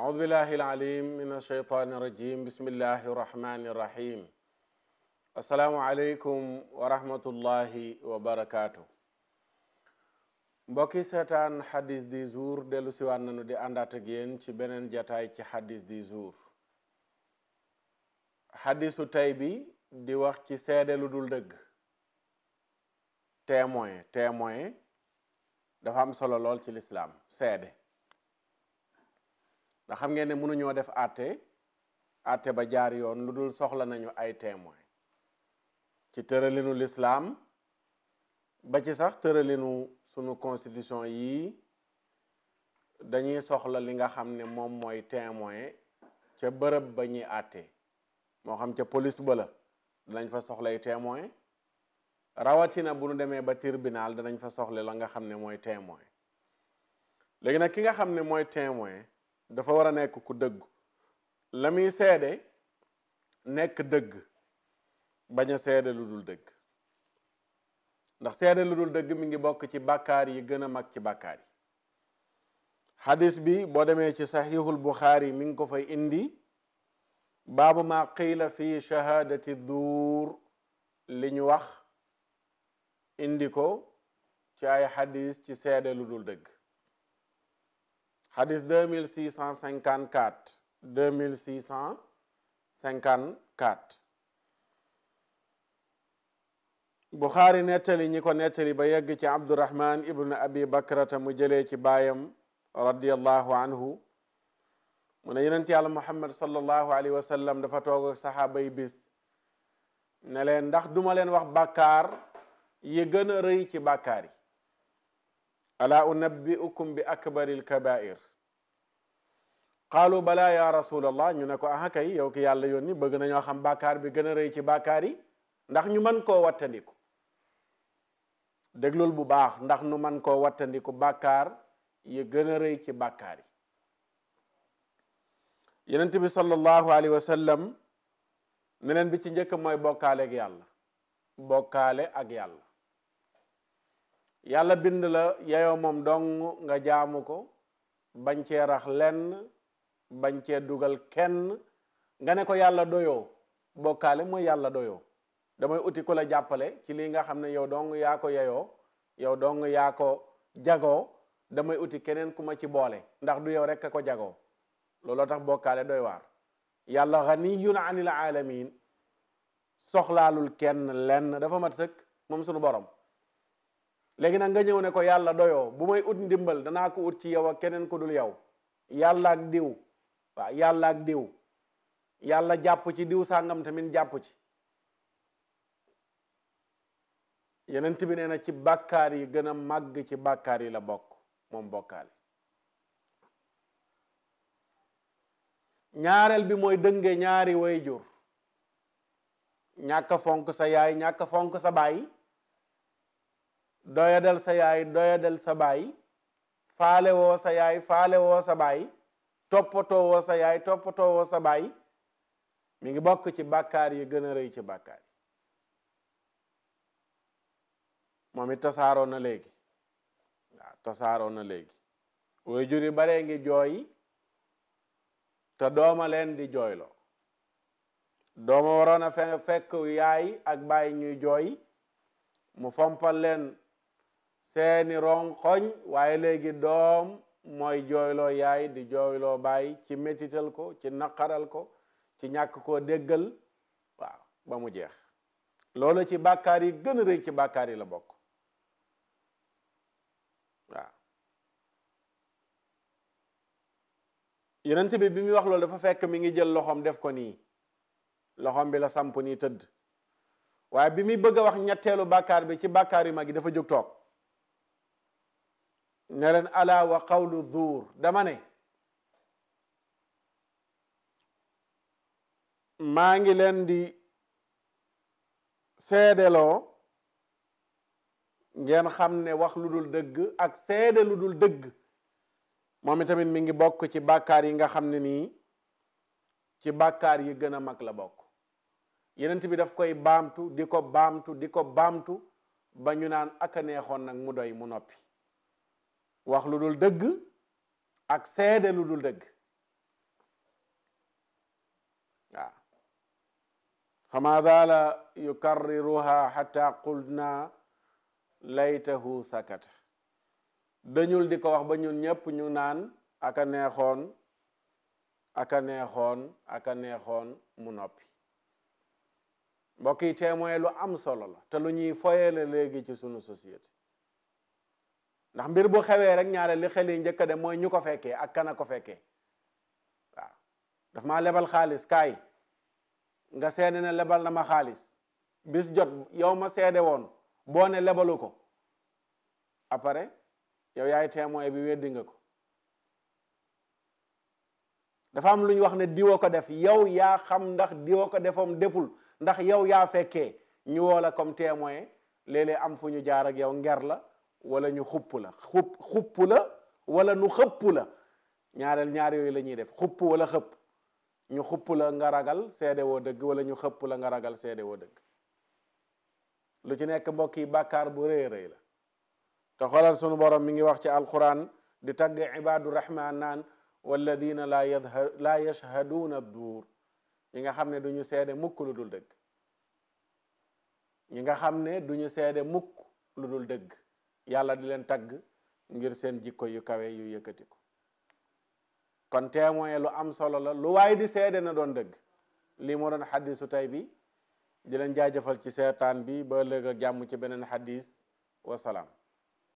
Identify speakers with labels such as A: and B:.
A: أعوذ بالله العليم من الشيطان الرجيم بسم الله الرحمن الرحيم السلام عليكم ورحمة الله وبركاته mbokki seetaan hadis di jour dellu siwaat nañu di àndaat ak ci beneen jataay ci hadis di jour hadisu tey bi di wax ci seede lu dul dëgg témoin témoin dafa am solo lool ci lislaam seede ndax xam ngeen ne mënuñoo def àtte àtte ba jaar yoon lu dul soxla nañu ay témoin ci tëralinu lislaam ba ci sax tëralinu sunu constitution yii dañuy soxla li nga xam ne moom mooy témoin ca bërëb ba ñuy àtte moo xam ca police ba la danañ fa soxlay témoin rawatina bu nu demee ba tribunal danañ fa soxla la nga xam ne mooy témoin léegi nag ki nga xam ne mooy témoin dafa war a nekk ku dëgg la muy seede nekk dëgg bañ a seede lu dul dëgg ndax seede lu dul dëgg mi ngi bokk ci bàkkaar yi gën a mag ci bàkkaar yi xadis bi boo demee ci saxiixul buxaari mi ngi ko fay indi baabu ma qiila fi shahadati duur li ñu wax indi ko ci ay xadis ci seede lu dul dëgg hadis 2654 2654 Buxaari nettali ñi ko nettali ba yegg ci Abdurahman ibnu abi bakrata mu jëlee ci baayam radiallahu anhu mu ne yonent yàlla muhammad sallallahu alayhi wa sallam dafa toog saxaaba yi bis ne leen ndax duma leen wax bàkkaar yi gën a rëy ci bàkkaar yi ala unabbiukum bi akbaril kabair qaalu balaa ya rasulallah ñu ne ko aha kay yow ki yàlla yónni bëgg nañoo xam bàkkaar bi gën a ci bàkkaar ndax ñu mën koo wattandiku déglul bu baax ndax ñu mën koo wattandiku bàkkaar yi gën a rëy ci bàkkaar yi yonent bi sallallahu alayhi wa sallam bi ci njëkk mooy bokkaale ak yàlla bokkaale ak yàlla yàlla bind la yeyoo moom dong nga jaamu ko bañ cee rax bañ cee dugal kenn nga ne ko yàlla doyoo bokkaale mooy yàlla doyoo damay uti ku la jàppale ci lii nga xam ne yow dong yaa ko yeyoo yow dong yaa ko jagoo damay uti keneen ku ma ci boole ndax du yow rek a ko jagoo looloo tax bokkaale doy waar yàlla na ganiyun anil alamin soxlaalul kenn lenn dafa mat sëkk moom sunu borom léegi nag nga ñëw ne ko yàlla doyoo bu may ut ndimbal danaa ko ut ci yow ak keneen ku dul yow yàlla diw waaw yàlla ak diw yàlla jàpp ci diw sàngam tamit jàpp ci yenent bi nee ci bàkkaar yi gën a màgg ci bàkkaar yi la bokk moom bokkaale ñaareel bi mooy dënge ñaari way jur ñàkk fonk sa yaay ñàkk fonk sa baay doyadal sa yaay doyadal sa baay faale woo sa yaay faale woo sa baay toppatoo woo sa yaay toppatoo woo sa baay mi ngi bokk ci bàkkaar yi gën a rëy ci bàkkaar moom it tasaaroo na léegi waaw na léegi way jur yi ngi jooy te dooma leen di jooyloo dooma waroon a fe fekk yaay ak baay ñuy jooy mu fompal leen seeni ronkoñ waaye léegi doom mooy jooyloo yaay di jooyloo baay ci metital ko ci naqaral ko ci ñàkk ko déggal waaw ba mu jeex loolu ci bàkkaar yi gën a rëy ci bàkkaar yi la bokk waaw yonent bi bi muy wax loolu dafa fekk mi ngi jël loxoom def ko nii loxoom bi la samp nii tëdd waaye bi muy bëgg a wax ñetteelu bàkkaar bi ci bàkkaar yu mag yi dafa jóg toog ne leen ala wa qawlu zuur ne maa ngi leen di seedeloo ngeen xam ne wax lu dul dëgg ak seede lu dul dëgg moom tamit mi ngi bokk ci bàkkaar yi nga xam ne nii ci bakkaar yi gën a mag la bokk yenent bi daf koy baamtu di ko baamtu di ko baamtu ba ñu naan aka neexoon nag mu doy mu noppi wax lu dul dëgg ak seede lu dul dëgg waaw fama zaala yukarriruha xata qulna laytahu sakata dañul di ko wax ba ñun ñëpp ñu naan aka neexoon aka neexoon aka neexoon mu noppi mbokk yi témoin lu am solo la te lu ñuy foye la léegi ci sunu société ndax mbir bu xewee rek ñaare li njëkka de mooy ñu ko fekkee ak kana ko fekkee waaw daf maa lebal xaalis kaay nga seede ne lebal na ma xaalis bis jot yow ma seede woon boo ne lebalu ko après yow yaay témoin bi weddi nga ko dafa am lu ñu wax ne diwa ko def yow yaa xam ndax diwa ko defoom deful ndax yow yaa fekkee ñu woola la comme témoin am fu ñu jaar ak yow nger la wala ñu xupp la xupp xupp la wala nu xëpp la ñaareel ñaar yooyu lañuy def xupp wala xëpp ñu xupp la nga ragal seede woo dëgg wala ñu xëpp la nga ragal seede woo dëgg lu ci nekk mbokk yi bàkkaar bu rëy rëy la te xoolal sunu borom mi ngi wax ci alquran di tagg ibaadu rahman naan walladina laa yadha laa duur ñi nga xam ne du ñu seede mukk dul dëgg ñi nga xam ne du ñu seede mukk lu dul dëgg yàlla di leen tagg ngir seen jikko yu kawe yu ko kon témoin lu am solo la lu waay di seede na doon dëgg lii moo doon xadisu tey bi di leen jaajëfal ci seetaan bi ba léegi ak jàmm ci beneen xadis wasalaam